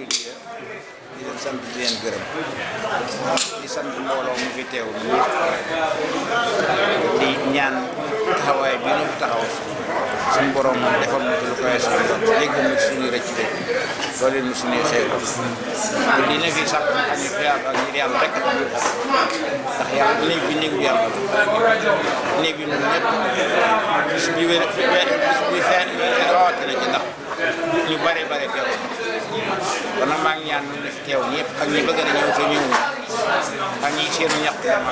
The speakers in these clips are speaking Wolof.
di leen sant di leen gërëm di sant mbooloo mu fi teew bi di ñaan taxawaay bi ñu fi taxaw suñu borom moom defal ma lu koy suñu dégg ma ci suñu rëcc rek mu suñu xew bu dina fi fi yàlla ak ñu yàlla rek tax ñu tax ndax yàlla néeg bi néegu yàlla la néeg bi ñun ñëpp bis bi wér rawatina ci ndax ñu bare bare teew kon nag maa ngi ñaan ñu def teew ñëpp ak ñi bëgg a ñëw te ndax ñii seenu ñàkk dama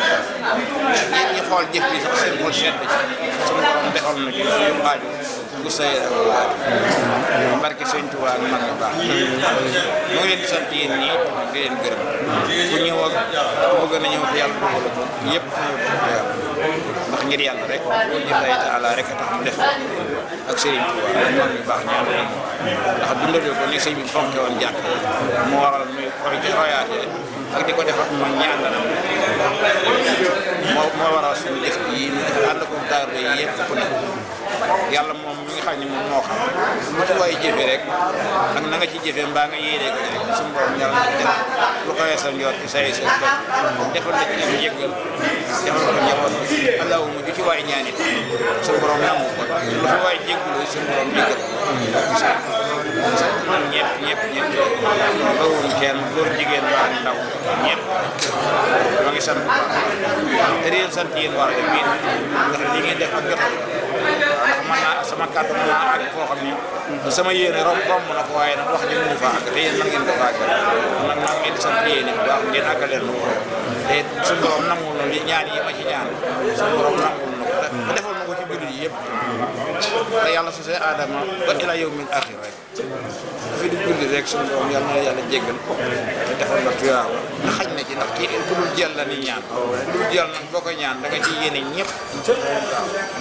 ñeen ñi xool jëf bi sax seen xol sedd ci suñu borom defal na ci suñu xaaju gu sëy ak laaj barke baax di leen gërëm ku ñëw na ñëw te yàlla dogal ko yëpp ñëw te yàlla ndax ngir yàlla rek jëlay taala rek a tax mu def ak sëriñ Tuubaa ak mag ñu baax ñaan ndax dundalee ko ni sëñ bi jàkk mu waral muy royaatee ak di ko defar mag moo moo waral suñu def yi ñu def ànd ko daaru yi yëpp ku ne moom mi nga xam ne moom moo xam mu ci waay rek ak na nga ci jëfe mbaa nga yéene ko rek suñu borom yàlla na ci def lu ko weesoo njort ci say sa bopp defal na ci def yëggal defal ko njaboot allahuma ju ci waay ñaanit suñu borom nangu ko lu fi waay jégguloo suñu borom jéggal bawuñ kenn góor jigéen mag ndaw ñëpp ma ngi sant bu baax te di leen sant yéen waa Jokalante ndax li ngeen def ak jotal sama kàddu mën naa ak foo xam ni sama yéene romb romb na ko waaye nag wax ji mënu fa àgg te yéen man ngeen ko fa àgg man maa ngi leen di sant te suñu borom nangu na li ñaan yi ma ci ñaan suñu borom nangu yëpp te yàlla sosee aadama ba ila yow min axir rek fi di julli rek suñu borom yàlla na yàlla jéggal na xaj na ci ndax kii ku dul jël la ni ñaan boo ko ñaan da nga ci yéene ñëpp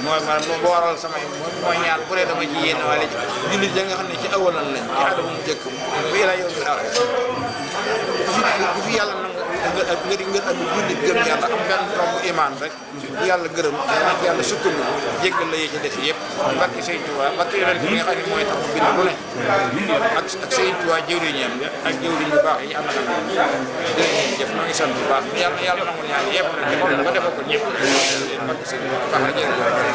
mooy man moom boo waral samay mooy ñaan bu dee dama ci yéene wala ci jullit da nga xam ne ci awalan lañ ci aadama mu jëkk bu ila yow min axir ku fi yàlla nga ak nga di ngër di jullit gëm yàlla am benn tomb imaan rek yàlla gërëm ak yàlla sukkandu jéggal la yee ci def yëpp barke Sëriñ Tuubaa barke yonent bi nga xam ne mooy tax mu bind lu ne ak ak Sëriñ Tuubaa jëwriñam ak jëwriñ bu baax yi ñu am na jërëjëf jëf maa ngi sant bu baax yàlla yàlla nangul ñaan yëpp rek defal ko defal